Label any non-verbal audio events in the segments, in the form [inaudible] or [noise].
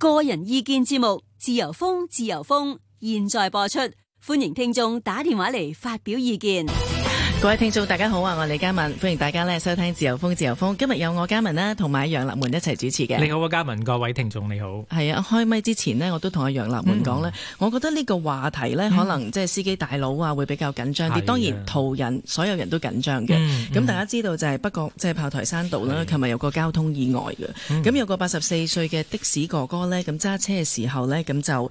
個人意見節目，自由風，自由風，現在播出，歡迎聽眾打電話嚟發表意見。各位聽眾大家好啊，我係李嘉文，歡迎大家呢收聽自由風自由風。今日有我嘉文啦，同埋楊立門一齊主持嘅。你好，我嘉文，各位聽眾你好。係啊，開咪之前呢，我都同阿楊立門講呢、嗯。我覺得呢個話題呢、嗯，可能即係司機大佬啊會比較緊張啲。當然途人所有人都緊張嘅。咁、嗯嗯、大家知道就係北角即係炮台山道啦，琴日有個交通意外嘅。咁、嗯嗯、有個八十四歲嘅的士哥哥呢。咁揸車嘅時候呢，咁就誒誒、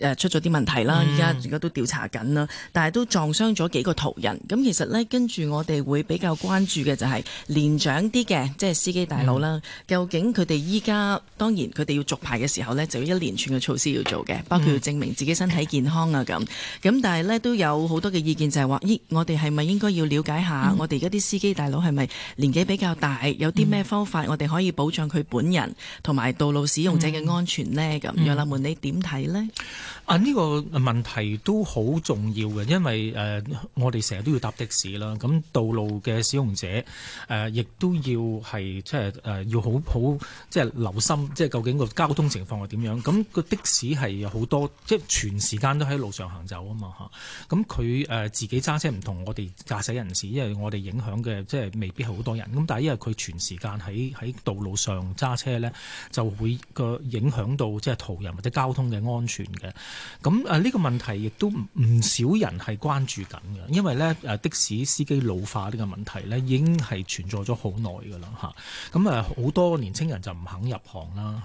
呃、出咗啲問題啦。而家而家都調查緊啦，但係都撞傷咗幾個途人咁。其實咧，跟住我哋會比較關注嘅就係、是、年長啲嘅，即係司機大佬啦、嗯。究竟佢哋依家，當然佢哋要續牌嘅時候呢，就要一連串嘅措施要做嘅，包括要證明自己身體健康啊咁。咁、嗯、但係呢，都有好多嘅意見就係話，咦，我哋係咪應該要了解下，嗯、我哋而家啲司機大佬係咪年紀比較大，有啲咩方法，我哋可以保障佢本人同埋道路使用者嘅安全呢？咁楊立門，你點睇呢？啊、呢、這個問題都好重要嘅，因為誒、呃，我哋成日都要答。的士啦，咁道路嘅使用者誒亦、呃、都要係、呃、即係誒要好好即係留心，即係究竟個交通情況係點樣？咁、個的士係有好多，即係全時間都喺路上行走嘛啊嘛吓，咁佢誒自己揸車唔同我哋駕駛人士，因為我哋影響嘅即係未必好多人。咁但係因為佢全時間喺喺道路上揸車咧，就會個影響到即係途人或者交通嘅安全嘅。咁誒呢個問題亦都唔少人係關注緊嘅，因為咧誒。呃的士司機老化呢個問題咧，已經係存在咗好耐㗎啦嚇。咁誒，好多年青人就唔肯入行啦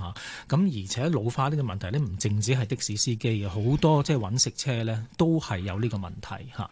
嚇。咁而且老化呢個問題咧，唔淨止係的士司機嘅，好多即係揾食車咧都係有呢個問題嚇。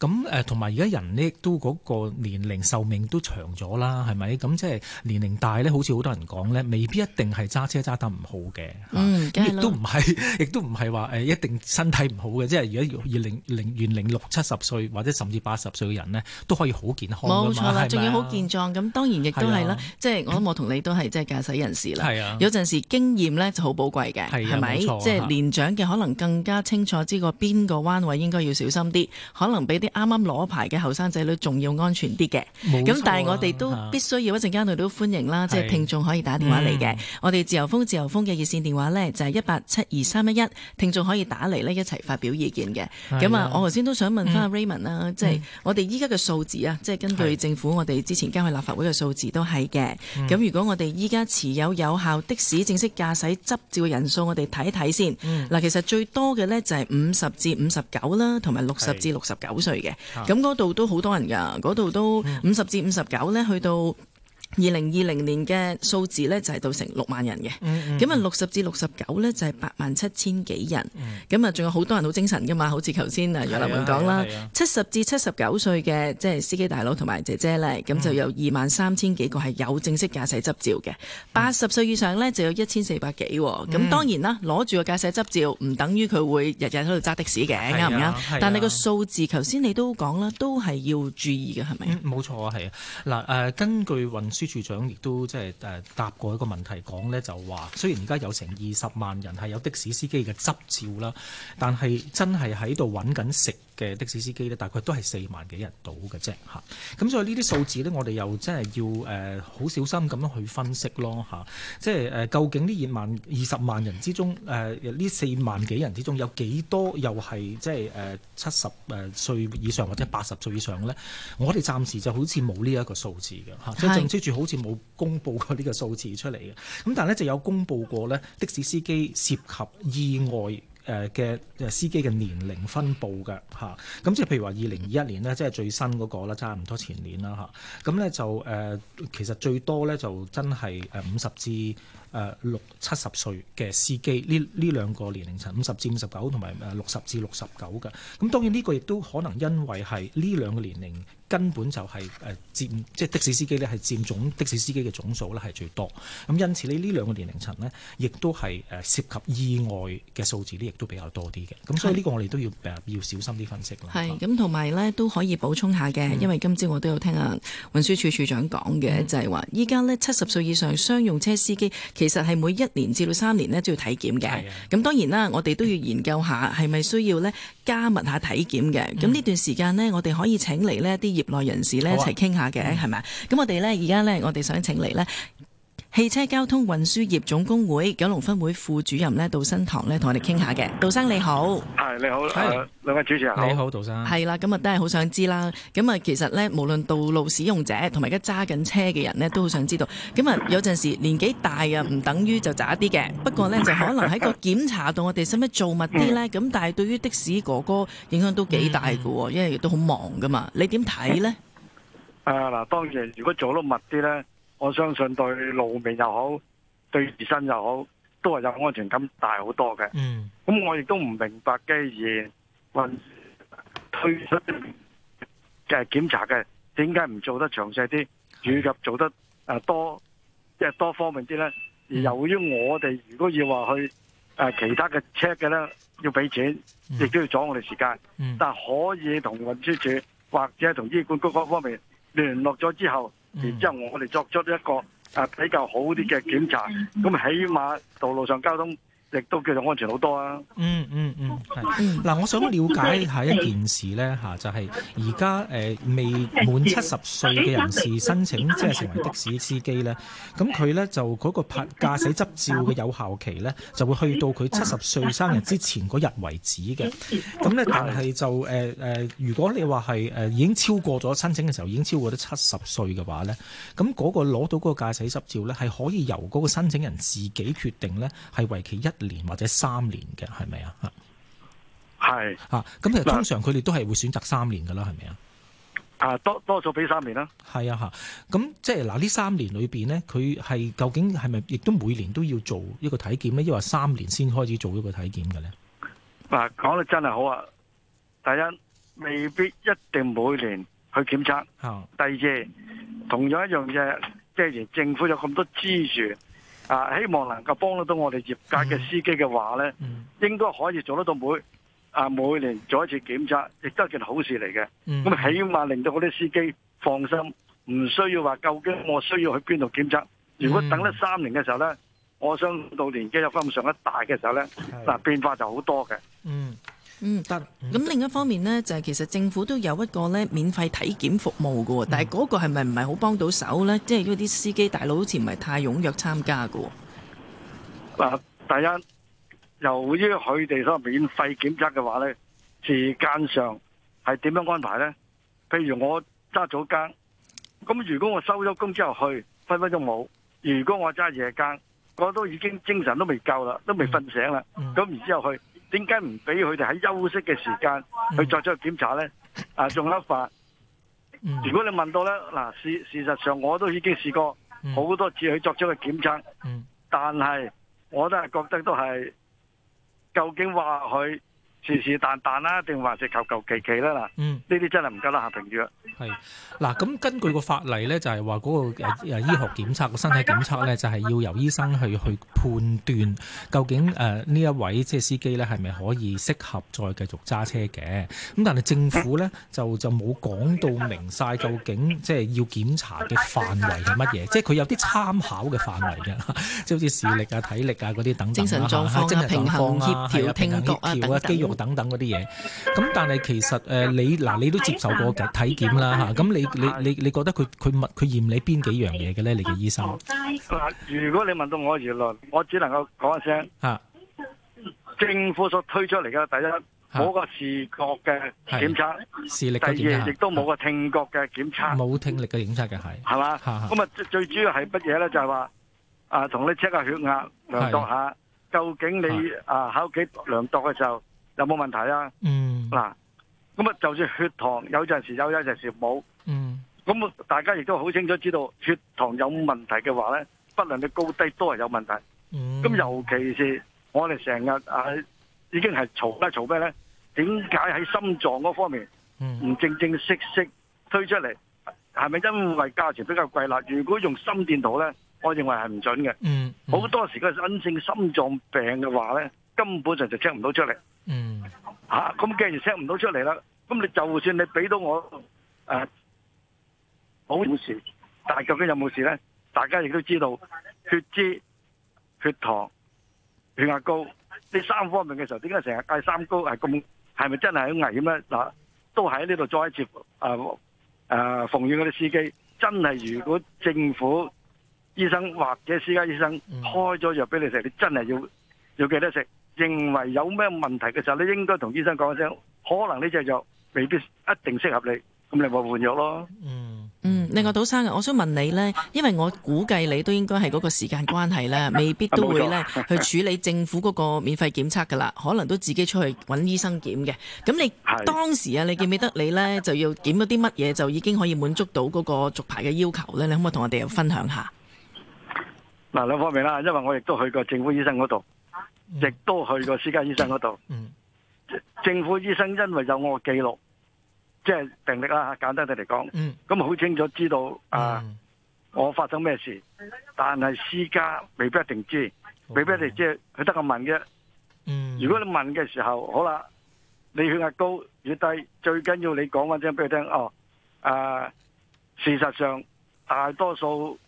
咁誒，同埋而家人咧都嗰個年，年齡壽命都長咗啦，係咪？咁即係年齡大咧，好似好多人講咧，未必一定係揸車揸得唔好嘅嚇、嗯，亦都唔係，亦都唔係話誒一定身體唔好嘅，即係而家二零零元零六七十歲或者甚至八十。十歲人咧都可以好健康的，冇錯啦，仲要好健壯。咁當然亦都係啦，啊、即係我諗我同你都係即係駕駛人士啦。啊、有陣時經驗呢就好寶貴嘅，係咪、啊？即係、就是、年長嘅可能更加清楚知個邊個彎位應該要小心啲，可能比啲啱啱攞牌嘅後生仔女仲要安全啲嘅。冇錯、咁、啊、但係我哋都必須要一陣間內都歡迎啦，是啊、即係聽眾可以打電話嚟嘅、啊。我哋自由風自由風嘅熱線電話呢就係一八七二三一一，聽眾可以打嚟呢一齊發表意見嘅。咁啊，我頭先都想問翻阿 Raymond 啦、啊嗯，即係。我哋依家嘅數字啊，即係根據政府我哋之前交去立法會嘅數字都係嘅。咁、嗯、如果我哋依家持有有效的的士正式駕駛執照嘅人數，我哋睇一睇先。嗱、嗯，其實最多嘅呢就係五十至五十九啦，同埋六十至六十九歲嘅。咁嗰度都好多人㗎，嗰度都五十至五十九呢去到二零二零年嘅數字呢、嗯嗯啊啊嗯，就係到成六萬人嘅，咁啊六十至六十九呢，就係八萬七千幾人，咁啊仲有好多人好精神㗎嘛，好似頭先啊楊林文講啦，七十至七十九歲嘅即係司機大佬同埋姐姐呢，咁就有二萬三千幾個係有正式駕駛執照嘅，八、嗯、十歲以上呢，就有一千四百幾，咁、嗯、當然啦，攞住個駕駛執照唔等於佢會日日喺度揸的士嘅，啱唔啱？但你個數字頭先、啊、你都講啦，都係要注意嘅，係咪？冇錯啊，係、呃、啊，嗱根據朱處長亦都即係誒答過一個問題，講呢，就話，雖然而家有成二十萬人係有的士司機嘅執照啦，但係真係喺度揾緊食，嘅的，的士司機咧，大概都係四萬幾人到嘅啫，嚇。咁所以呢啲數字咧，我哋又真係要誒好小心咁樣去分析咯，嚇。即係誒，究竟呢二萬二十萬人之中，誒呢四萬幾人之中，有幾多又係即係誒七十誒歲以上或者八十歲以上咧？我哋暫時就好似冇呢一個數字嘅，嚇。即係仲住好似冇公布過呢個數字出嚟嘅。咁但係咧就有公布過咧的士司機涉及意外。誒嘅誒司機嘅年齡分布嘅，吓，咁即係譬如話二零二一年咧，即係最新嗰個啦，差唔多前年啦吓，咁咧就誒，其實最多咧就真係誒五十至。誒六七十歲嘅司機，呢呢兩個年齡層五十至五十九同埋誒六十至六十九嘅，咁當然呢個亦都可能因為係呢兩個年齡根本就係誒佔，即係的士司機呢係佔總的士司機嘅總數呢係最多，咁因此呢，呢兩個年齡層呢亦都係誒涉及意外嘅數字呢亦都比較多啲嘅，咁所以呢個我哋都要誒要小心啲分析咯。係，咁同埋呢都可以補充下嘅、嗯，因為今朝我都有聽啊運輸署署長講嘅、嗯，就係話依家呢七十歲以上商用車司機。其實係每一年至到三年呢都要體檢嘅。咁當然啦，我哋都要研究下係咪需要呢加密下體檢嘅。咁、嗯、呢段時間呢，我哋可以請嚟呢啲業內人士呢一齊傾下嘅，係咪、啊？咁我哋呢，而家呢，我哋想請嚟呢。汽車交通運輸業總工會九龍分會副主任咧，杜燊棠咧，同我哋傾下嘅，杜生你好，係你好，兩、呃、位主持人，你好，杜生，係啦，咁啊，都係好想知啦，咁啊，其實呢，無論道路使用者同埋而家揸緊車嘅人呢，都好想知道，咁啊，有陣時年紀大啊，唔等於就渣啲嘅，不過呢，就可能喺個檢查度， [laughs] 我哋使唔使做密啲呢。咁但係對於的士哥哥影響都幾大噶，因為亦都好忙噶嘛，你點睇呢？誒，嗱，當然，如果做得密啲呢。我相信對路面又好，對自身又好，都係有安全感大好多嘅。嗯，咁我亦都唔明白，既然運推出嘅檢查嘅，點解唔做得詳細啲，以及做得誒、呃、多即係多方面啲咧？嗯、由於我哋如果要話去誒、呃、其他嘅 check 嘅咧，要俾錢，亦都要阻我哋時間、嗯。嗯，但係可以同運輸處或者同醫管局嗰方面聯絡咗之後。嗯、然之後我哋作出一個誒比較好啲嘅檢查，咁起碼道路上交通，亦都叫做安全好多啊！嗯嗯嗯，嗱、嗯嗯，我想了解下一件事咧吓，就係而家誒未滿七十歲嘅人士申請即係、就是、成為的士司機咧，咁佢咧就嗰個拍駕駛執照嘅有效期咧就會去到佢七十歲生日之前嗰日為止嘅。咁咧，但係就誒誒如果你話係誒已經超過咗申請嘅時候已經超過咗七十歲嘅話咧，咁嗰個攞到嗰個駕駛執照咧係、呃、可以由嗰個申請人自己決定咧係為期一。年或者三年嘅係咪啊？係啊，咁其實通常佢哋都係會選擇三年噶啦，係咪啊,啊？啊，多多數俾三年啦。係啊，吓，咁即係嗱，呢三年裏邊咧，佢係究竟係咪亦都每年都要做一個體檢咧？抑或三年先開始做一個體檢嘅咧？嗱、啊，講得真係好啊！第一，未必一定每年去檢測、啊；第二，同樣一樣嘢，即係政府有咁多資助。啊，希望能夠幫到到我哋業界嘅司機嘅話呢、嗯、應該可以做得到每啊每年做一次檢測，亦都係一件好事嚟嘅。咁、嗯、起碼令到嗰啲司機放心，唔需要話究竟我需要去邊度檢測。如果等得三年嘅時候呢，我想到年紀有翻咁上一大嘅時候呢，嗱變化就好多嘅。嗯。嗯得，咁另一方面咧，就係、是、其實政府都有一個咧免費體檢服務噶，但係嗰個係咪唔係好幫到手咧？即係嗰啲司機大佬好似唔係太踴躍參加噶。啊、呃，第一，由於佢哋所謂免費檢測嘅話咧，時間上係點樣安排咧？譬如我揸早更，咁如果我收咗工之後去，分分鐘冇；如果我揸夜更，我都已經精神都未夠啦，都未瞓醒啦，咁、嗯、然之後去。點解唔俾佢哋喺休息嘅時間去作咗個檢查咧？Mm. 啊，仲得法？Mm. 如果你問到咧，嗱、啊，事事實上我都已經試過好多次去作咗個檢測，mm. 但係我都係覺得都係究竟話佢。隨隨便便是是但旦啦，定話就求求其其啦，嗱。嗯，呢啲真係唔夠啦，夏平宇。係嗱，咁根據個法例咧，就係話嗰個醫學檢測、個身體檢測咧，就係要由醫生去去判斷究竟誒呢一位即係司機咧係咪可以適合再繼續揸車嘅。咁但係政府咧就就冇講到明晒究竟即係要檢查嘅範圍係乜嘢，即係佢有啲參考嘅範圍嘅，即係好似視力啊、體力啊嗰啲等等精神狀況啊，即係平衡啊、協調啊、平衡啊，平衡啊平衡等等、肌肉。等等嗰啲嘢，咁但係其實誒你嗱你都接受過體體檢啦嚇，咁你你你你覺得佢佢問佢驗你邊幾樣嘢嘅咧？你嘅醫生。如果你問到我嘅言論，我只能夠講一聲嚇、啊，政府所推出嚟嘅第一冇個視覺嘅檢測，啊、視力嘅檢測，第二亦都冇個聽覺嘅檢測，冇、啊、聽力嘅檢測嘅係，係嘛？咁啊最主要係乜嘢咧？就係、是、話啊，同你 check 下血壓量度下，究竟你啊喺屋企量度嘅時候。有冇問題啊？嗱、嗯，咁啊，就算血糖有陣時，有，時，有，時冇，有陣時冇。咁我大家亦都好清楚知道血糖有冇問題嘅話咧，不論你高低都係有問題。咁、嗯、尤其是我哋成日啊，已經係嘈啦，嘈咩咧？點解喺心臟嗰方面唔正正式式推出嚟？係、嗯、咪因為價錢比較貴啦？如果用心電圖咧，我認為係唔準嘅。好、嗯嗯、多時嗰啲隱性心臟病嘅話咧，根本上就聽唔到出嚟。吓、啊，咁既然食唔到出嚟啦，咁你就算你俾到我誒，冇、啊、事，但係究竟有冇事咧？大家亦都知道血脂、血糖、血壓高呢三方面嘅時候，點解成日嗌三高係咁？係咪真係好危險咧？嗱、啊，都喺呢度再接誒誒，奉勸嗰啲司機，真係如果政府醫生或者私家醫生開咗藥俾你食，你真係要要記得食。認為有咩問題嘅時候，你應該同醫生講一聲，可能呢隻藥未必一定適合你，咁你咪換藥咯。嗯嗯，另外，杜生啊，我想問你咧，因為我估計你都應該係嗰個時間關係咧，未必都會咧去處理政府嗰個免費檢測噶啦，可能都自己出去揾醫生檢嘅。咁你當時啊，你記唔記得你咧就要檢咗啲乜嘢就已經可以滿足到嗰個續牌嘅要求咧？你可唔可以同我哋分享下？嗱，兩方面啦，因為我亦都去過政府醫生嗰度。亦、嗯、都去過私家醫生嗰度、嗯嗯，政府醫生因為有我嘅記錄，即、就、係、是、病歷啦，簡單啲嚟講，咁、嗯、好清楚知道、嗯、啊，我發生咩事，但係私家未必一定知，未必一定知佢得個問啫、嗯。如果你問嘅時候，好啦，你血壓高越低，最緊要你講翻啲嘢俾佢聽哦、啊，事實上大多數。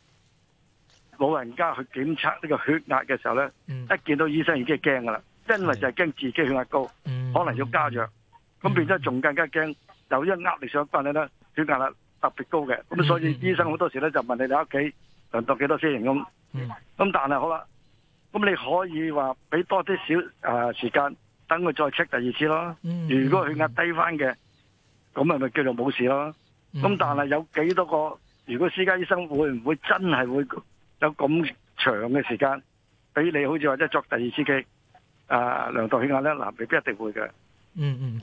老人家去檢測呢個血壓嘅時候咧、嗯，一見到醫生已經係驚噶啦，因為就係驚自己血壓高、嗯，可能要加藥，咁、嗯、變咗仲更加驚，由於壓力上翻咧，血壓特別高嘅，咁、嗯嗯、所以醫生好多時咧就問你哋屋企量到幾多先咁，咁、嗯、但係好啦，咁你可以話俾多啲少誒時間，等佢再 check 第二次咯，嗯、如果血壓低翻嘅，咁係咪叫做冇事咯？咁但係有幾多個？如果私家醫生會唔會真係會？有咁長嘅時間，俾你好似話一作第二次嘅，啊量度血壓啊呢嗱未必一定會嘅。嗯嗯，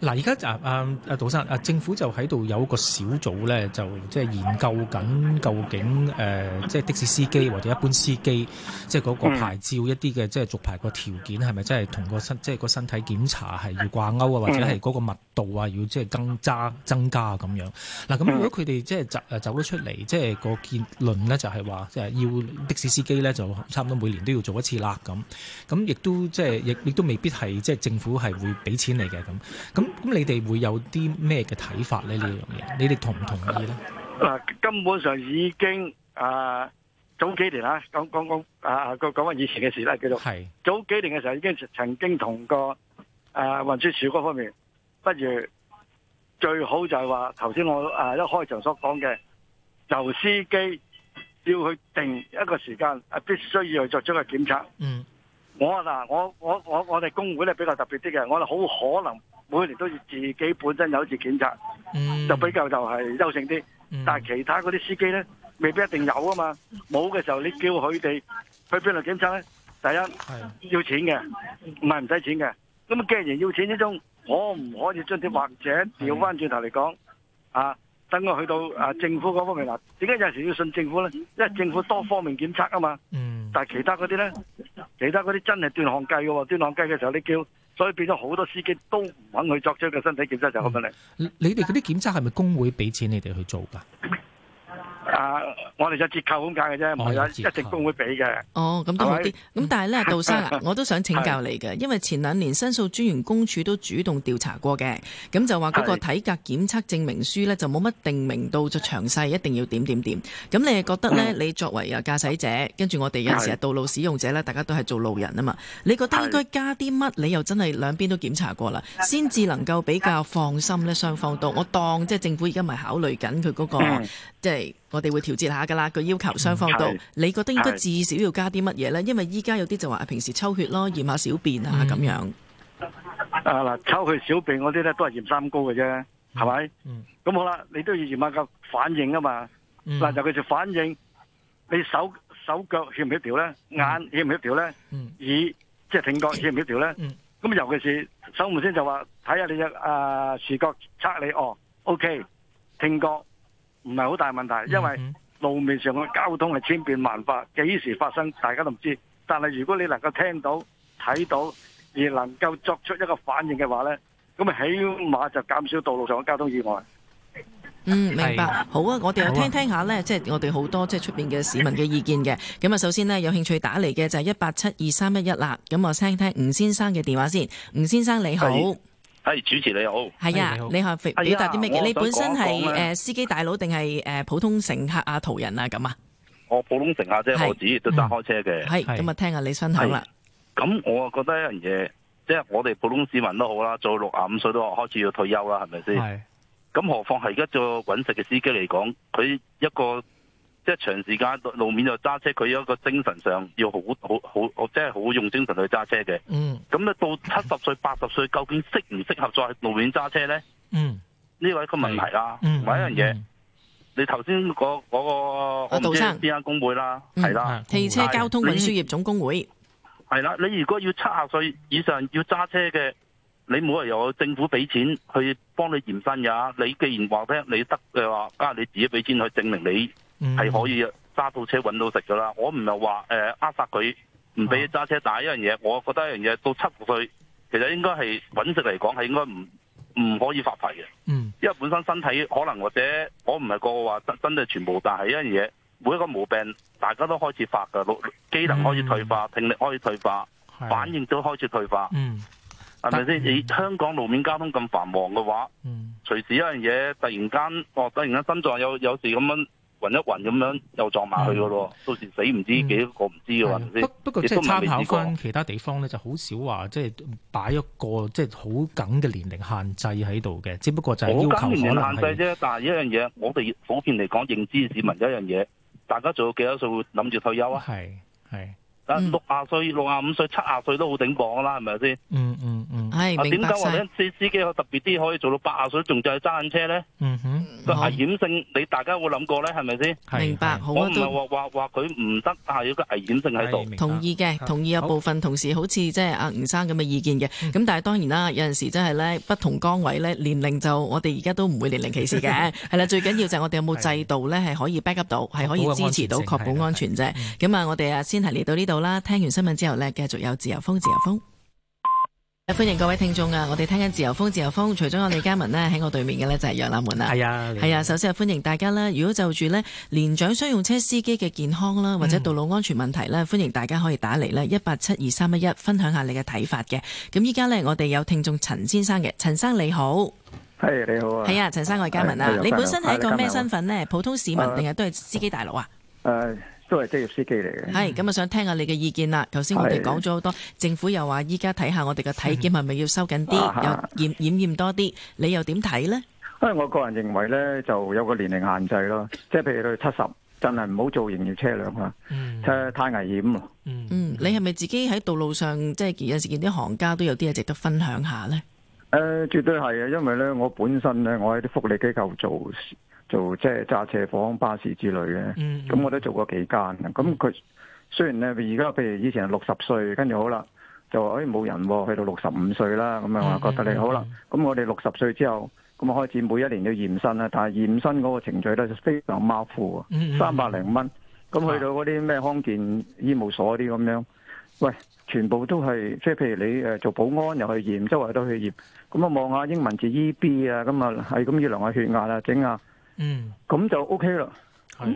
嗱而家啊啊啊，杜生啊，政府就喺度有個小組咧，就即係研究緊究竟誒即係的士司機或者一般司機即係個牌照一啲嘅，即係續牌個條件係咪真係同個身，即係個身體檢查係要掛鈎啊，或者係個密度啊，要即係更揸增加咁樣嗱，咁、啊嗯嗯啊、如果佢哋即係走走咗出嚟，即係個結論咧，就係話誒，要的士司機咧就差唔多每年都要做一次啦，咁。咁亦都即係亦亦都未必係即係政府係會俾。錢嚟嘅，咁咁咁，你哋會有啲咩嘅睇法咧？呢樣嘢，你哋同唔同意咧？嗱、啊，根本上已經誒、呃，早幾年講講講啊，講講講誒，講講翻以前嘅事啦，叫做係早幾年嘅時候已經曾經同過誒運輸署嗰方面，不如最好就係話頭先我誒一、呃、開場所講嘅，由司機要去定一個時間，誒，必須要去作出個檢測。嗯。我話嗱，我我我我哋工會咧比較特別啲嘅，我哋好可能每年都要自己本身有一次檢測，就比較就係優勝啲。但係其他嗰啲司機咧，未必一定有啊嘛。冇、嗯、嘅時候，你叫佢哋去邊度檢測咧？第一要錢嘅，唔係唔使錢嘅。咁既然要錢之中，可唔可以將啲或者調翻轉頭嚟講啊？等我去到啊政府嗰方面嗱，點解有時要信政府咧？因為政府多方面檢測啊嘛。嗯、但係其他嗰啲咧。其他嗰啲真係斷檔計嘅喎，斷檔計嘅時候你叫，所以變咗好多司機都唔肯去作出嘅身體檢測就咁樣嚟。你哋嗰啲檢測係咪工會俾錢你哋去做㗎？啊！我哋就折扣咁解嘅啫，唔係一直都會俾嘅。哦，咁都好啲。咁但係呢，杜生， [laughs] 我都想請教你嘅，因為前兩年申訴專員公署都主動調查過嘅，咁就話嗰個體格檢測證明書呢，就冇乜定明到就詳細，一定要點點點。咁你哋覺得呢？你作為啊駕駛者，跟住我哋有陣時啊道路使用者呢， [laughs] 大家都係做路人啊嘛。你覺得應該加啲乜？你又真係兩邊都檢查過啦，先至能夠比較放心呢。雙方都。我當即係政府而家咪考慮緊佢嗰個。 [laughs] 即、就、係、是、我哋會調節下噶啦，佢要求雙方都，你覺得應該至少要加啲乜嘢咧？因為依家有啲就話平時抽血咯，驗下小便啊咁、嗯、樣。啊嗱，抽血、小便嗰啲咧都係驗三高嘅啫，係、嗯、咪？咁、嗯、好啦，你都要驗下個反應啊嘛。嗱、嗯啊，尤其就反應你手手腳協唔協調咧，眼協唔協調咧，耳即係聽覺協唔協調咧。咁、嗯嗯、尤其是守門先就話睇下你隻啊、呃、視覺測你哦，OK，聽覺。唔係好大問題，因為路面上嘅交通係千變萬化，幾時發生大家都唔知。但係如果你能夠聽到、睇到而能夠作出一個反應嘅話呢，咁啊，起碼就減少道路上嘅交通意外。嗯，明白。好啊，我哋又聽聽下呢，即係我哋好多即係出邊嘅市民嘅意見嘅。咁啊，首先呢，有興趣打嚟嘅就係一八七二三一一啦。咁我聽聽吳先生嘅電話先。吳先生你好。Hey, 主持你好 hey, 你好，係啊，你好，表達啲咩？你本身係誒司機大佬定係誒普通乘客啊？途人啊咁啊？我、哦、普通乘客啫、嗯 hey, hey.，我自己都揸開車嘅。係咁啊，聽下你分享啦。咁我啊覺得一樣嘢，即係我哋普通市民都好啦，做六十五歲都開始要退休啦，係咪先？係。咁何況係而家做揾食嘅司機嚟講，佢一個。即係長時間路面就揸車，佢有一個精神上要好好好，即係好用精神去揸車嘅。咁、嗯、咧到七十歲、八十歲，究竟適唔適合再路面揸車咧？呢、嗯、個一個問題啦。唔、嗯、係一樣嘢、嗯，你頭、那個那個、先嗰嗰個我唔知邊間工會啦，係啦，汽車交通運輸業總工會。係、嗯、啦，你如果要七十歲以上要揸車嘅，你冇理由政府俾錢去幫你驗身㗎。你既然話俾，你得嘅話，梗係你自己俾錢去證明你。係、嗯、可以揸到車揾到食噶啦，我唔係話誒扼殺佢，唔俾佢揸車打一樣嘢、啊。我覺得一樣嘢到七十歲，其實應該係揾食嚟講係應該唔唔可以發牌嘅。嗯，因為本身身體可能或者我唔係個個話真真係全部，但係一樣嘢，每一個毛病大家都開始發噶，腦機能開始退化、嗯，聽力開始退化，反應都開始退化。嗯，係咪先？你、嗯、香港路面交通咁繁忙嘅話，隨、嗯、時一樣嘢，突然間、哦、突然間心臟有有事咁樣。暈一暈咁樣又撞埋去噶咯、嗯，到時死唔知幾多個唔知嘅話先。嗯、不不過即係參考翻其他地方咧，就好少話即係擺一個即係好緊嘅年齡限制喺度嘅。只不過就係要求是我年齡限制啫。但係一樣嘢，我哋普遍嚟講，認知市民一樣嘢，大家做到幾多歲會諗住退休啊？係係。但六啊歲、六啊五歲、七啊歲都好頂磅啦，係咪先？嗯嗯嗯。係、嗯。啊、為什麼我點解話啲司機可特別啲可以做到八啊歲仲就係揸緊車咧？嗯哼。個危險性，你大家會諗過咧？係咪先？明白，好啊，都我唔係話話話佢唔得，但係有個危險性喺度。同意嘅，同意有部分同事好似即係阿吳生咁嘅意見嘅。咁但係當然啦，有陣時真係咧，不同崗位咧，年齡就我哋而家都唔會年齡歧視嘅係啦。最緊要就係我哋有冇制度咧，係可以 backup 到，係可以支持到，確保安全啫。咁啊，我哋啊先係嚟到呢度啦。聽完新聞之後咧，繼續有自由風，自由風。歡迎各位聽眾啊！我哋聽緊自由風，自由風。除咗我哋嘉文呢，喺 [coughs] 我對面嘅呢就係楊立門啦。係啊，係啊。首先係歡迎大家啦。如果就住呢年長商用車司機嘅健康啦，或者道路安全問題咧，嗯，歡迎大家可以打嚟，呢一八七二三一一，187231, 分享下你嘅睇法嘅。咁依家呢，我哋有聽眾陳先生嘅，陳生你好，係、hey, 你好啊。係啊，陳生我係嘉文啊。Hey, 你本身係一個咩身份呢？普通市民定係都係司機大佬啊？Uh, uh, 都係職業司機嚟嘅。係，咁啊想聽下你嘅意見啦。頭先我哋講咗好多，政府又話依家睇下我哋嘅體檢係咪要收緊啲， [laughs] 又檢檢驗多啲，你又點睇呢？咧？誒，我個人認為呢，就有個年齡限制咯。即係譬如到七十，真係唔好做營業車輛啊、嗯，太危險。嗯，你係咪自己喺道路上即係有時見啲行家都有啲嘢值得分享一下呢？誒、呃，絕對係啊，因為呢，我本身呢，我喺啲福利機構做。做即係揸車房、巴士之類嘅，咁、嗯、我都做過幾間。咁、嗯、佢雖然咧，而家譬如以前係六十歲，跟住好啦，就話哎冇人喎、哦，去到六十五歲啦，咁啊覺得你、嗯嗯嗯、好啦。咁我哋六十歲之後，咁啊開始每一年要驗身啦。但係驗身嗰個程序咧就非常馬虎啊，三百零蚊，咁、嗯嗯、去到嗰啲咩康健醫務所啲咁樣，喂，全部都係即係譬如你做保安又去驗，周圍都去驗，咁啊望下英文字 E B 啊，咁啊係咁要量下血壓啦，整啊～嗯，咁就 O K 啦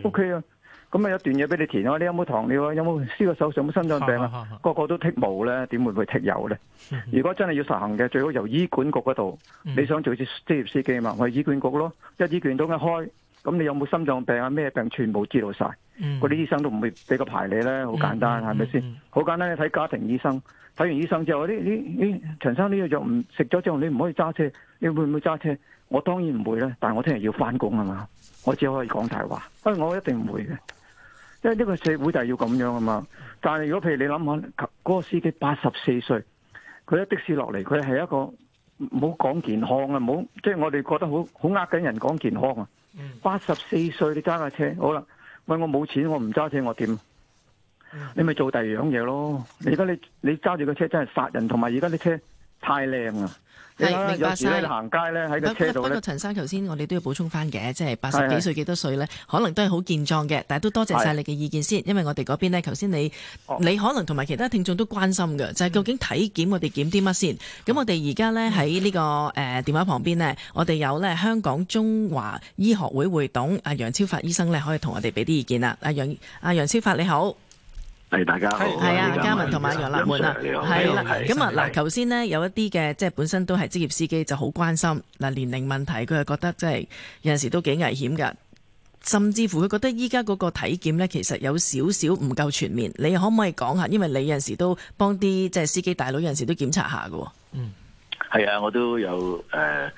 ，O K 啊，咁啊、OK、一段嘢俾你填啊，你有冇糖尿？啊？有冇司嘅手上冇心臟病啊？個個都剔冇咧，點會唔會剔有咧、嗯？如果真係要實行嘅，最好由醫管局嗰度，你想做隻職業司機嘛，我、嗯就係、醫管局咯，一醫管都一開。咁你有冇心臟病啊？咩病全部知道晒，嗰、嗯、啲醫生都唔會俾個牌你咧，好簡單，係咪先？好、嗯、簡單，你睇家庭醫生，睇完醫生之後，啲呢呢，陳、哎、生呢個藥唔食咗之後，你唔可以揸車，你會唔會揸車？我當然唔會呢，但係我聽日要翻工啊嘛，我只可以講大話，所以我一定唔會嘅，因為呢個社會就係要咁樣啊嘛。但係如果譬如你諗下，嗰、那個司機八十四歲，佢一的士落嚟，佢係一個唔好講健康啊，唔好，即、就、係、是、我哋覺得好好呃緊人講健康啊。八十四歲你揸架車，好啦，喂，我冇錢我唔揸車我點？你咪做第二樣嘢咯。而家你你揸住個車真係殺人，同埋而家啲車。太靚啦！明白晒行街咧，喺度不過陳生，頭先我哋都要補充翻嘅，即係八十幾歲幾多歲咧，可能都係好健壯嘅。但係都多謝晒你嘅意見先，因為我哋嗰邊咧，頭先你、哦、你可能同埋其他聽眾都關心嘅，就係、是、究竟體檢我哋檢啲乜先？咁、嗯、我哋而家咧喺呢、這個誒、呃、電話旁邊呢，我哋有咧香港中華醫學會會董阿楊、啊、超發醫生咧，可以同我哋俾啲意見啦。阿楊阿楊超發你好。係、hey, 大家好，係啊，嘉文同埋楊立門啊，係啦，咁啊嗱，頭先呢有一啲嘅，即係本身都係職業司機，就好關心嗱年齡問題，佢係覺得即係有陣時都幾危險噶甚至乎佢覺得依家嗰個體檢呢，其實有少少唔夠全面。你可唔可以講下？因為你有陣時都幫啲即係司機大佬有陣時都檢查下噶嗯，係啊，我都有誒。呃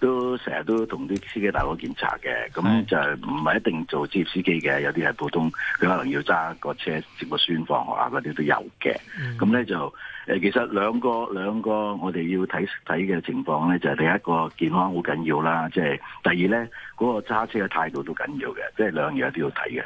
都成日都同啲司機大佬檢查嘅，咁就唔係一定做職業司機嘅，有啲係普通，佢可能要揸個車接個孫放學啊，嗰啲都有嘅，咁咧就。其實兩個兩個我哋要睇睇嘅情況咧，就係、是、第一個健康好緊要啦，即、就、係、是、第二咧嗰、那個揸車嘅態度都緊要嘅，即係兩樣都要睇嘅。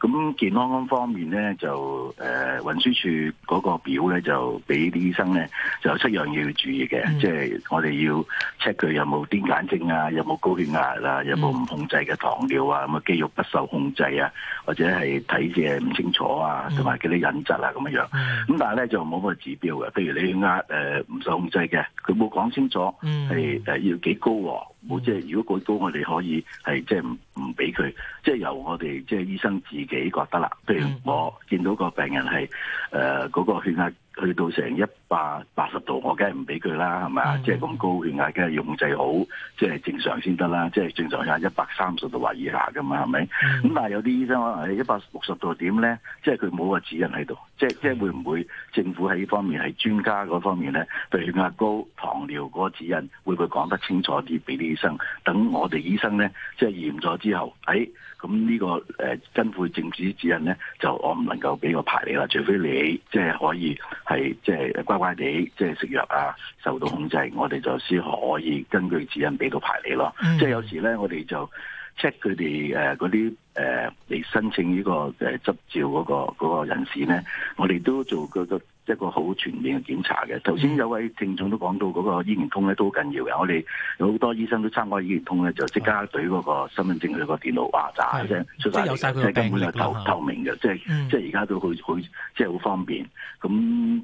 咁健康方面咧，就誒運輸處嗰個表咧就俾啲醫生咧就有七樣嘢要注意嘅，即、嗯、係、就是、我哋要 check 佢有冇癲癇症啊，有冇高血壓啦、啊，有冇唔控制嘅糖尿啊，咁啊肌肉不受控制啊，或者係睇嘅唔清楚啊，同埋嗰啲隱疾啊咁樣樣。咁、嗯、但係咧就冇乜指標。譬如你血壓誒唔受控制嘅，佢冇講清楚係誒、呃、要幾高、哦，冇即係如果高我哋可以係即係唔唔俾佢，即係由我哋即係醫生自己覺得啦。譬如我見到個病人係誒、呃嗰個血壓去到成一百八十度，我梗係唔俾佢啦，係咪啊？Mm -hmm. 即係咁高血壓，梗係用制好，即係正常先得啦。即係正常係一百三十度或以下嘅嘛，係咪？咁但係有啲醫生可能一百六十度點咧？即係佢冇個指引喺度，即係即係會唔會政府喺呢方面係專家嗰方面咧？譬如血壓高、糖尿嗰個指引，會唔會講得清楚啲俾啲醫生？等我哋醫生咧，即係驗咗之後，喺咁呢個誒根據政治指引咧，就我唔能夠俾個牌你啦，除非你即係可以。係即係乖乖哋，即係食藥啊，受到控制，我哋就先可以根據指引俾到牌你咯。即係，mm-hmm，有時咧，我哋就 check 佢哋誒嗰啲誒嚟申請呢個誒執照嗰個人士咧，我哋都做嗰、那個一個好全面嘅檢查嘅，頭先有位聽眾都講到嗰、那個醫院通咧都好緊要嘅，我哋有好多醫生都參加醫院通咧，就即刻對嗰個身份證去個電腦，哇，炸即係根本就透透明嘅、嗯，即係即係而家都好好，即係好方便。咁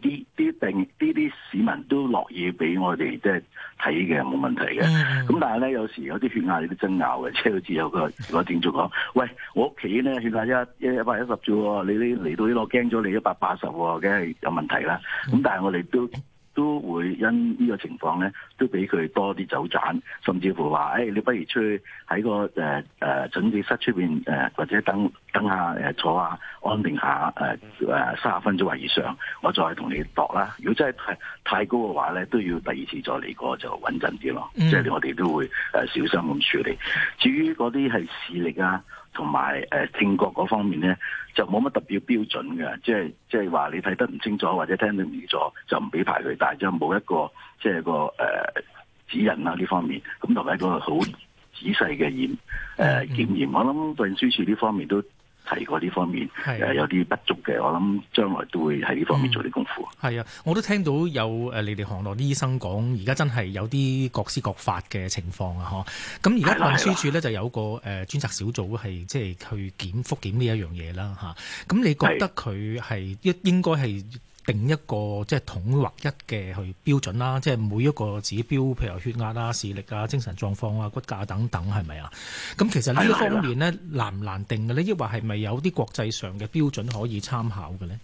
啲啲病呢啲市民都樂意俾我哋即係睇嘅，冇問題嘅。咁、嗯、但係咧，有時有啲血壓你都爭拗嘅，即係好似有個、嗯、個聽眾講，喂，我屋企咧血壓一一百一十啫喎，你嚟到呢度，驚咗你一百八十喎，梗係有問題。係、嗯、啦，咁但係我哋都都會因呢個情況咧，都俾佢多啲走盞，甚至乎話，誒、欸，你不如出去喺個誒誒診治室出邊誒，或者等等下誒、呃、坐下安定下誒誒三十分鐘或以上，我再同你度啦。如果真係太太高嘅話咧，都要第二次再嚟過就穩陣啲咯，即、嗯、係、就是、我哋都會誒小心咁處理。至於嗰啲係視力啊。同埋誒聽覺嗰方面咧，就冇乜特別標準嘅，即係即係話你睇得唔清楚，或者聽得唔清楚，就唔俾排除，但係就冇一個即係、就是、個誒、呃、指引啊。呢方面。咁同埋一個好仔細嘅驗、呃 mm -hmm. 檢驗，我諗運輸署呢方面都。提過呢方面係、啊、有啲不足嘅，我諗將來都會喺呢方面做啲功夫。係、嗯、啊，我都聽到有誒，你哋行內啲醫生講，而家真係有啲各施各法嘅情況啊！呵、啊，咁而家運輸署咧就有一個誒專責小組係即係去檢覆檢呢一樣嘢啦嚇。咁你覺得佢係一應該係？定一個即係統劃一嘅去標準啦，即係每一個指標，譬如血壓啊、視力啊、精神狀況啊、骨架等等，係咪啊？咁其實呢方面呢難唔難定嘅呢？抑或係咪有啲國際上嘅標準可以參考嘅呢？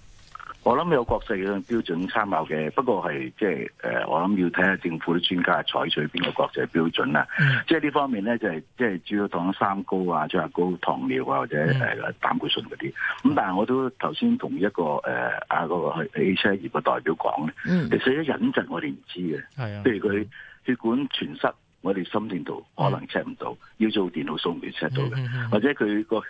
我諗有國際嘅標準參考嘅，不過係即係誒，我諗要睇下政府啲專家採取邊個國際標準啦。嗯、即係呢方面咧，就係即係主要當三高啊，即係高糖尿啊，或者誒膽固醇嗰啲。咁、嗯呃、但係我都頭先同一個誒阿、呃嗰個去汽車業嘅代表講咧、嗯，其實一隱疾我哋唔知嘅。係啊，譬如佢血管全塞，我哋心電圖可能 check 唔到、嗯，要做電腦掃描 check 到嘅、嗯嗯嗯，或者佢個。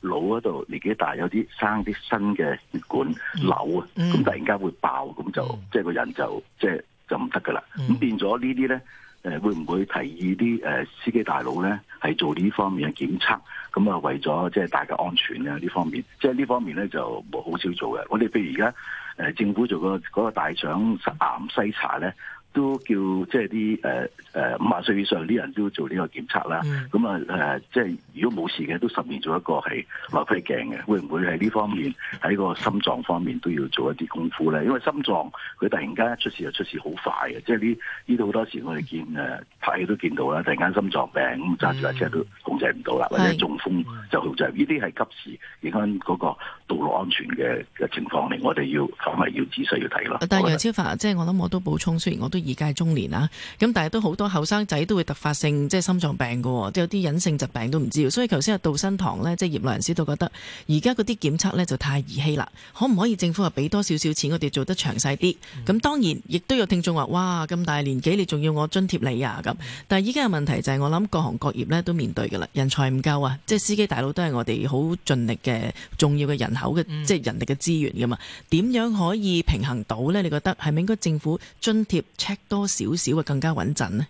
腦嗰度年紀大，有啲生啲新嘅血管瘤啊，咁突然間會爆，咁就、mm. 即係個人就即係就唔得噶啦。咁變咗呢啲咧，誒會唔會提議啲誒司機大佬咧係做呢方面嘅檢測？咁啊為咗即係大家安全啊呢方面，即係呢方面咧就冇好少做嘅。我哋譬如而家誒政府做個個大腸癌篩查咧。都叫即係啲誒誒五萬歲以上啲人都要做呢個檢測啦。咁啊誒，即係如果冇事嘅都十年做一個係脈搏鏡嘅，會唔會喺呢方面喺個心臟方面都要做一啲功夫咧？因為心臟佢突然間一出事就出事好快嘅，即係呢呢度好多時我哋見誒拍戲都見到啦，突然間心臟病咁揸住架車都控制唔到啦，或者中風就控制。呢啲係急事，這些時影響嗰個道路安全嘅嘅情況嚟，我哋要反而要仔細要睇咯。但楊超發，即係我諗我都補充，雖然我都。二屆中年啊，咁但係都好多後生仔都會突發性即係心臟病噶即係有啲隱性疾病都唔知。所以頭先啊，杜燊棠咧，即係業內人士都覺得，而家嗰啲檢測咧就太兒戲啦。可唔可以政府話俾多少少錢，我哋做得詳細啲？咁當然亦都有聽眾話：哇，咁大年紀你仲要我津貼你啊？咁，但係依家嘅問題就係、是、我諗各行各業咧都面對噶啦，人才唔夠啊！即係司機大佬都係我哋好盡力嘅重要嘅人口嘅、嗯、即係人力嘅資源噶嘛？點樣可以平衡到咧？你覺得係咪應該政府津貼？吃多少少啊，更加穩陣咧。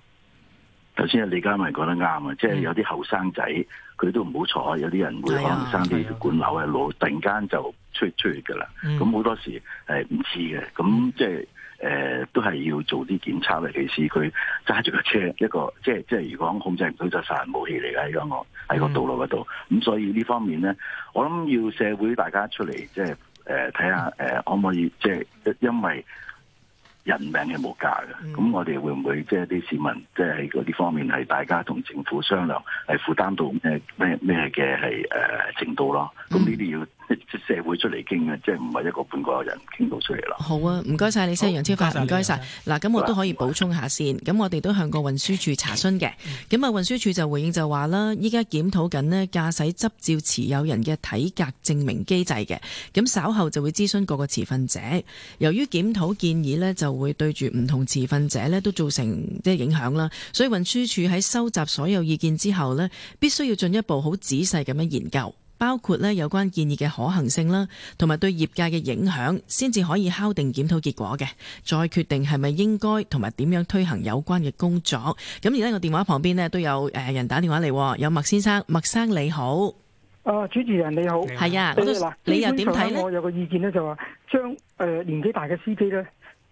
頭先啊，李家文講得啱啊。嗯、即係有啲後生仔佢都唔好坐，有啲人會後、哎、生啲，血管瘤啊，落突然間就出出去噶啦。咁、嗯、好多時誒唔似嘅，咁即係誒、呃、都係要做啲檢測咧。尤其是佢揸住個車，一個即係即係，如果控制唔到就殺人武器嚟噶。喺個喺個道路嗰度，咁、嗯、所以呢方面咧，我諗要社會大家出嚟，即係誒睇下誒可唔可以，即係因為。人命係無價嘅，咁我哋會唔會即係啲市民，即係喺啲方面係大家同政府商量，係負擔到咩咩咩嘅係誒程度咯？咁呢啲要。即社會出嚟傾啊，即係唔係一個半個人傾到出嚟啦。好啊，唔該晒，你先，楊超發，唔該晒，嗱，咁、啊、我都可以補充一下先。咁我哋都向個運輸署查詢嘅。咁啊，運輸署就回應就話啦，依家檢討緊呢駕駛執照持有人嘅體格證明機制嘅。咁稍後就會諮詢各個持份者。由於檢討建議呢就會對住唔同持份者呢都造成即係影響啦。所以運輸署喺收集所有意見之後呢，必須要進一步好仔細咁樣研究。包括咧有關建議嘅可行性啦，同埋對業界嘅影響，先至可以敲定檢討結果嘅，再決定係咪應該同埋點樣推行有關嘅工作。咁而家我電話旁邊呢都有人打電話嚟，有麥先生，麥生你好，啊主持人你好，係啊，你，你，你又點睇？嗯嗯、我有個意見呢，就話將年紀大嘅司機呢，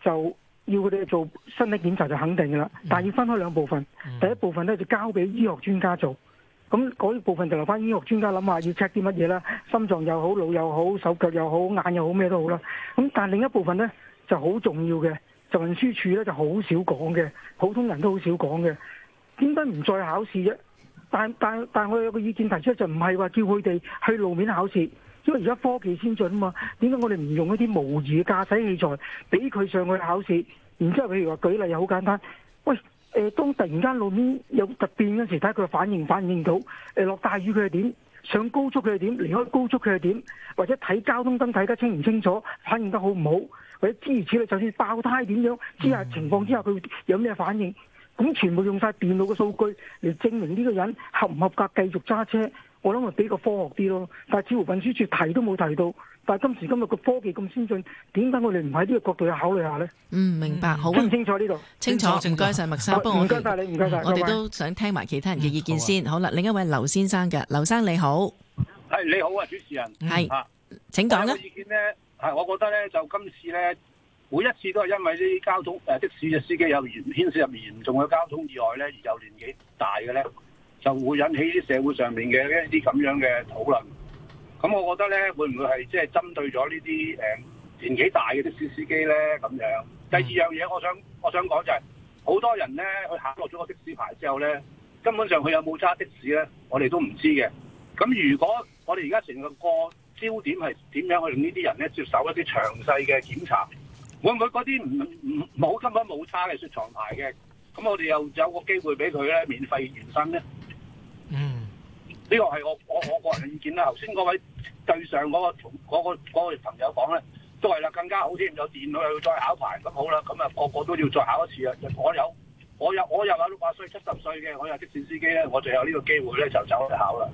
就要佢哋做身體檢查就肯定㗎啦，但要分開兩部分，嗯、第一部分呢，就交俾醫學專家做。咁嗰部分就留翻醫學專家諗下要 check 啲乜嘢啦，心臟又好，腦又好，手腳又好，眼又好，咩都好啦。咁但另一部分呢，就好重要嘅，就運輸署咧就好少講嘅，普通人都好少講嘅。點解唔再考試啫？但但但我有個意見提出就唔係話叫佢哋去路面考試，因為而家科技先進啊嘛。點解我哋唔用一啲模擬駕駛器材俾佢上去考試？然之後譬如話舉例又好簡單，喂。誒，當突然間路面有突變嗰時，睇佢反應反應到。落大雨佢係點？上高速佢係點？離開高速佢係點？或者睇交通燈睇得清唔清楚？反應得好唔好？或者諸如此類，就算爆胎點樣之下情況之下，佢有咩反應？咁全部用晒電腦嘅數據嚟證明呢個人合唔合格繼續揸車？我諗咪比較科學啲咯。但係似乎運輸署提都冇提到。但係今時今日個科技咁先進，點解我哋唔喺呢個角度去考慮下咧？嗯，明白，好、啊，清唔清楚呢度？清楚，唔該晒麥生，唔該曬你，唔該曬。我哋都想聽埋其他人嘅意見先。好啦、啊啊，另一位劉先生嘅，劉生你好。係你好啊，主持人。係、啊。請講啊。有意見咧，係我覺得咧，就今次咧，每一次都係因為啲交通誒、呃、的士嘅司機有牽涉入面嚴重嘅交通意外咧，而又年紀大嘅咧，就會引起啲社會上面嘅一啲咁樣嘅討論。咁我覺得咧，會唔會係即係針對咗呢啲誒年紀大嘅的士司機咧？咁樣第二樣嘢，我想我想講就係、是、好多人咧，佢行落咗個的士牌之後咧，根本上佢有冇揸的士咧，我哋都唔知嘅。咁如果我哋而家成個，個焦點係點樣去令呢啲人咧接受一啲詳細嘅檢查，會唔會嗰啲唔唔冇根本冇揸嘅雪藏牌嘅，咁我哋又有個機會俾佢咧免費驗身咧？呢個係我我我個人嘅意見啦。頭先嗰位對上嗰個同嗰個嗰個朋友講咧，都係啦，更加好添。有電腦去再考牌，咁好啦。咁啊，個個都要再考一次啊。我有我有我又有六百歲七十歲嘅，我有的士司機咧，我就有呢個機會咧，就走去考啦。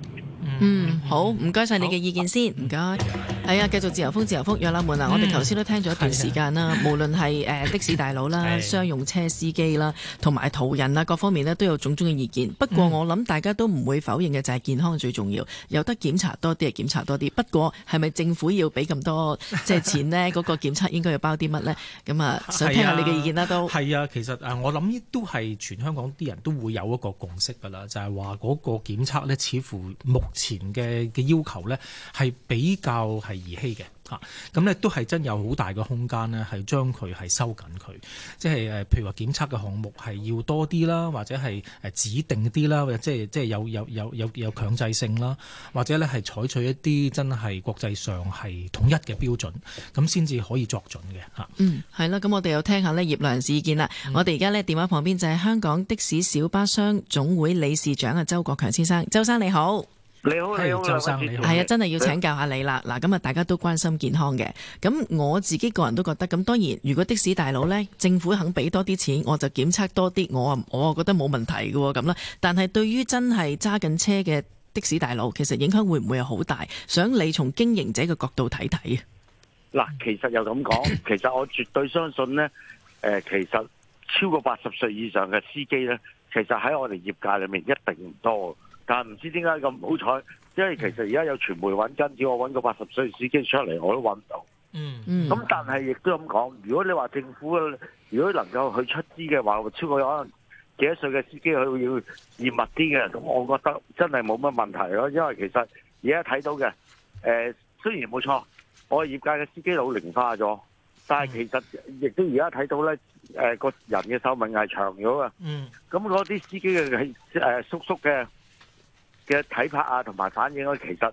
嗯，好，唔該晒你嘅意見先，唔該。係啊，繼續自由風，自由風。楊啦，門、嗯、啊，我哋頭先都聽咗一段時間啦。無論係誒的士大佬啦、商用車司機啦，同埋途人啊各方面咧，都有種種嘅意見。不過我諗大家都唔會否認嘅就係健康最重要，有得檢查多啲係檢查多啲。不過係咪政府要俾咁多即係錢咧？嗰 [laughs] 個檢測應該要包啲乜咧？咁啊，想聽下你嘅意見啦，都係啊，其實誒我諗亦都係全香港啲人都會有一個共識㗎啦，就係話嗰個檢測咧，似乎目前前嘅嘅要求呢係比較係兒戲嘅吓，咁咧都係真有好大嘅空間呢，係將佢係收緊佢，即係誒，譬如話檢測嘅項目係要多啲啦，或者係誒指定啲啦，或者即係即係有有有有有強制性啦，或者呢係採取一啲真係國際上係統一嘅標準，咁先至可以作準嘅吓。嗯，係啦，咁我哋要聽下呢葉良士意見啦。我哋而家呢電話旁邊就係香港的士小巴商總會理事長啊，周國強先生，周生你好。你好，你好，周生你好，係啊，真係要請教下你啦。嗱，咁啊，大家都關心健康嘅，咁我自己個人都覺得，咁當然，如果的士大佬呢，政府肯俾多啲錢，我就檢測多啲，我啊，我覺得冇問題嘅咁啦。但係對於真係揸緊車嘅的、的士大佬，其實影響會唔會有好大？想你從經營者嘅角度睇睇。嗱，其實又咁講，其實我絕對相信呢。誒、 [laughs] 呃，其實超過八十歲以上嘅司機呢，其實喺我哋業界裏面一定唔多。但唔知點解咁好彩，因為其實而家有傳媒揾跟，只要我揾個八十歲司機出嚟，我都揾唔到。嗯嗯。咁但係亦都咁講，如果你話政府如果能夠去出資嘅話，超過可能幾多歲嘅司機佢會要嚴密啲嘅，咁我覺得真係冇乜問題咯。因為其實而家睇到嘅，誒、呃、雖然冇錯，我業界嘅司機老齡化咗，但係其實亦都而家睇到咧，誒、呃、個人嘅壽命係長咗嘅。嗯。咁嗰啲司機嘅誒叔叔嘅。嘅睇法啊，同埋反映咧、啊，其實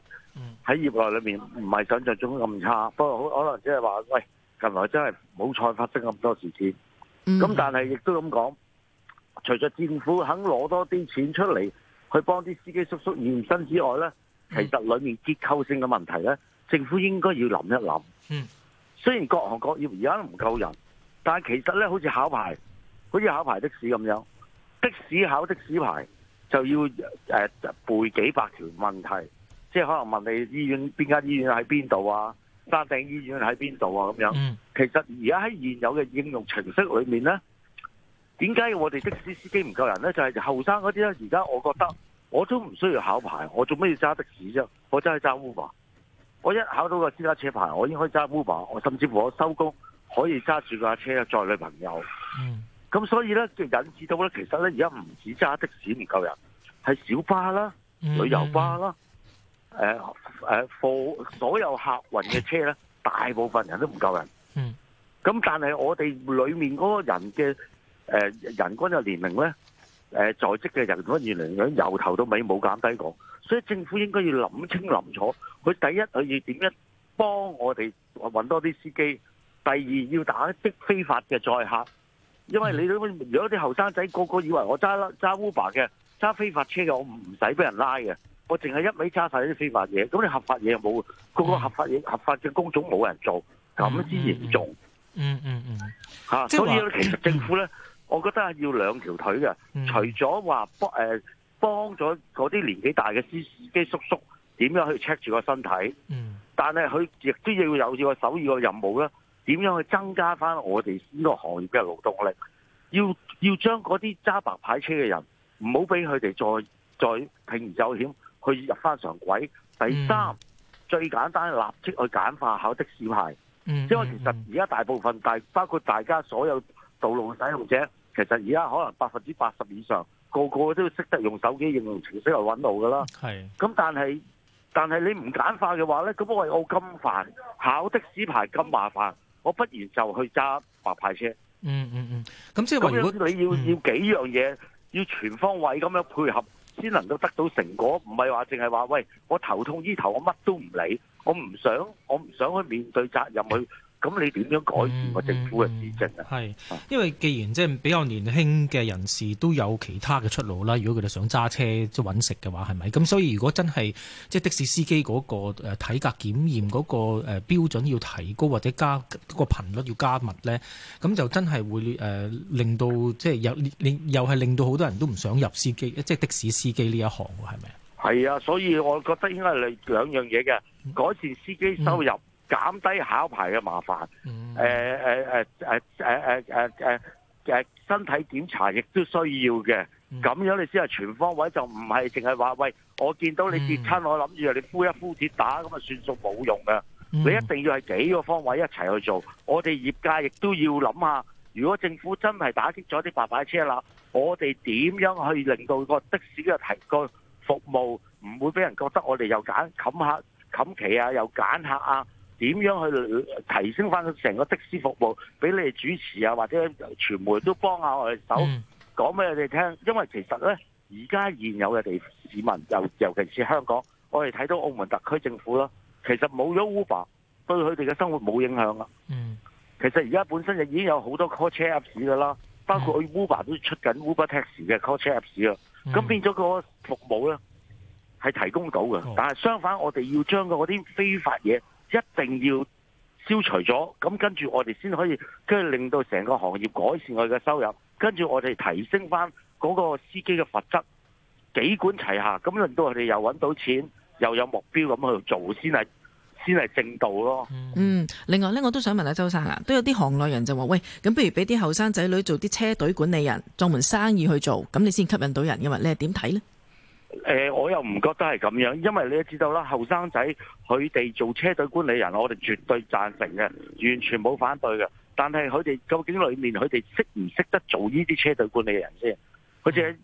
喺業內裏面唔係想象中咁差，不過好可能即係話：喂，近來真係冇再發生咁多事事。咁但係亦都咁講，除咗政府肯攞多啲錢出嚟去幫啲司機叔叔驗身之外咧、嗯，其實裏面結構性嘅問題咧，政府應該要諗一諗。嗯，雖然各行各業而家都唔夠人，但係其實咧，好似考牌，好似考牌的士咁樣，的士考的士牌。就要誒、呃、背幾百條問題，即係可能問你醫院邊間醫院喺邊度啊，山頂醫院喺邊度啊咁樣。其實而家喺現有嘅應用程式裏面呢，點解我哋的士司機唔夠人呢？就係後生嗰啲咧，而家我覺得我都唔需要考牌，我做咩要揸的士啫？我真係揸 Uber，我一考到個私家車牌，我應該揸 Uber，我甚至乎我收工可以揸住架車啊，載女朋友。嗯咁所以咧，就引致到咧，其實咧，而家唔止揸的士唔夠人，係小巴啦、mm -hmm. 旅遊巴啦、誒誒貨所有客運嘅車咧，大部分人都唔夠人。咁、mm -hmm. 但係我哋裏面嗰個人嘅人均嘅、呃、年齡咧、呃，在職嘅人嗰個年齡樣由頭到尾冇減低過，所以政府應該要諗清諗楚，佢第一佢要點樣幫我哋搵多啲司機，第二要打擊非法嘅載客。因為你如果啲後生仔個個以為我揸揸 Uber 嘅揸非法車嘅，我唔使俾人拉嘅，我淨係一味揸晒啲非法嘢，咁你合法嘢又冇，個、嗯、個合法嘢合法嘅工種冇人做，咁之嚴重。嗯嗯嗯，嚇、嗯啊就是，所以其實政府咧，我覺得係要兩條腿嘅、嗯，除咗話、呃、幫誒幫咗嗰啲年紀大嘅司機叔叔點樣去 check 住個身體，嗯、但係佢亦都要有要個首要嘅任務啦。點樣去增加翻我哋呢個行業嘅勞動力？要要將嗰啲揸白牌車嘅人，唔好俾佢哋再再鋌而走險去入翻常軌。第三，嗯、最簡單立即去簡化考的士牌。即、嗯、係其實而家大部分大，包括大家所有道路嘅使用者，其實而家可能百分之八十以上，個個都識得用手機應用程式嚟搵路噶啦。咁但係但係你唔簡化嘅話呢，咁我為我咁煩考的士牌咁麻煩。我不如就去揸白牌車。嗯嗯嗯，咁、嗯嗯、即係話，你要、嗯、要幾樣嘢，要全方位咁樣配合，先能夠得到成果。唔係話淨係話，喂，我頭痛醫頭我，我乜都唔理，我唔想，我唔想去面對責任去。咁你點樣改善個政府嘅施政啊？係、嗯，因為既然即係比較年輕嘅人士都有其他嘅出路啦，如果佢哋想揸車即揾食嘅話，係咪？咁所以如果真係即係的士司機嗰個誒體格檢驗嗰個誒標準要提高，或者加、個頻率要加密咧，咁就真係會、呃、令到即係、就是、又令又係令、令到好多人都唔想入司機，即、就、係、是、的士司機呢一行喎，係咪啊？係啊，所以我覺得應該係兩樣嘢嘅改善司機收入。減低考牌嘅麻煩，誒誒誒誒誒誒誒誒誒身體檢查亦都需要嘅，咁、嗯、樣你先係全方位就是是，就唔係淨係話喂，我見到你跌親、嗯，我諗住你呼一呼鐵打咁啊，算數冇用嘅、嗯。你一定要係幾個方位一齊去做。我哋業界亦都要諗下，如果政府真係打擊咗啲白牌車啦，我哋點樣去令到個的士嘅提供服務唔會俾人覺得我哋又揀冚客、冚旗啊，又揀客啊？點樣去提升翻成個的士服務，俾你哋主持啊，或者傳媒都幫下我哋手講俾你哋聽。因為其實咧，而家現有嘅地市民，尤尤其是香港，我哋睇到澳門特區政府啦，其實冇咗 Uber 對佢哋嘅生活冇影響啊、嗯。其實而家本身就已經有好多 call 車 apps 噶啦，包括去 Uber 都出緊 Uber Taxi 嘅 call 車 apps 啊。咁、嗯、變咗個服務咧係提供到嘅、哦，但係相反我哋要將嗰啲非法嘢。一定要消除咗，咁跟住我哋先可以，跟住令到成個行業改善我哋嘅收入，跟住我哋提升翻嗰個司機嘅品質，幾管齊下，咁令到佢哋又揾到錢，又有目標，咁去做，先係先係正道咯。嗯，另外咧，外我都想問下周生啊，都有啲行內人就話，喂，咁不如俾啲後生仔女做啲車隊管理人，壯門生意去做，咁你先吸引到人。因為你係點睇咧？誒、呃，我又唔覺得係咁樣，因為你都知道啦，後生仔佢哋做車隊管理人，我哋絕對贊成嘅，完全冇反對嘅。但係佢哋究竟裡面佢哋識唔識得做呢啲車隊管理人先？佢哋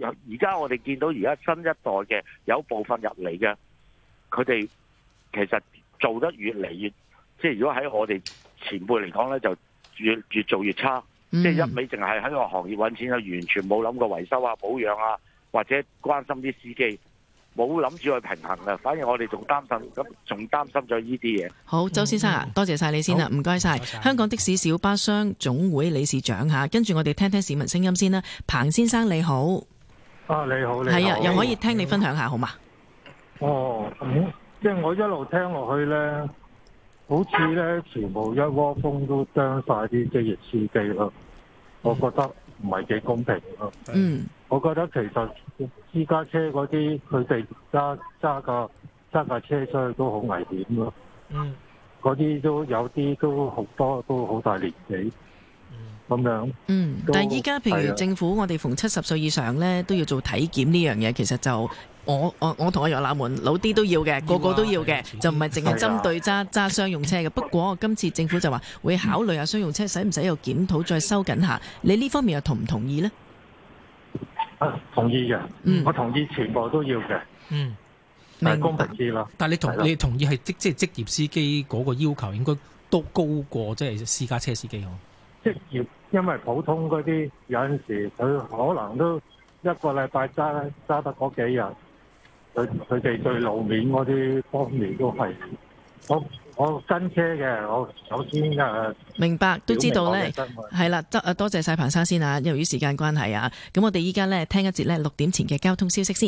而家我哋見到而家新一代嘅有部分入嚟嘅，佢哋其實做得越嚟越，即係如果喺我哋前輩嚟講咧，就越越做越差。嗯、即係一味淨係喺個行業搵錢，就完全冇諗過維修啊、保養啊。或者關心啲司機，冇諗住去平衡啦，反而我哋仲擔心，咁仲擔心咗呢啲嘢。好，周先生啊、嗯，多謝晒你先啦，唔該晒。香港的士小巴商總會理事長吓，跟住我哋聽聽市民聲音先啦。彭先生你好，啊你好，你係啊你好，又可以聽你分享一下，嗯、好嗎？哦，咁、嗯、即係我一路聽落去咧，好似咧全部一窩蜂都爭晒啲職業司機咯，我覺得唔係幾公平咯。嗯。我覺得其實私家車嗰啲佢哋揸揸架揸架車出去都好危險咯。嗯，嗰啲都有啲都好多都好大年紀，咁樣。嗯，但係依家譬如政府，啊、我哋逢七十歲以上咧都要做體檢呢樣嘢。其實就我我我同阿楊冷門老啲都要嘅，個個都要嘅，就唔係淨係針對揸揸商用車嘅。不過今次政府就話會考慮下商用車使唔使又檢討再收緊下。你呢方面又同唔同意呢？啊，同意嘅，嗯，我同意全部都要嘅，嗯，係公平啲咯。但係你同是你同意係職即係職業司機嗰個要求，應該都高過即係、就是、私家車司機，我職業，因為普通嗰啲有陣時佢可能都一個禮拜揸揸得嗰幾日，佢佢哋對路面嗰啲方面都係。好我、哦、新車嘅，我首先誒、啊，明白都知道咧，係啦，多謝晒彭生先啊，由於時間關係啊，咁我哋依家咧聽一節咧六點前嘅交通消息先。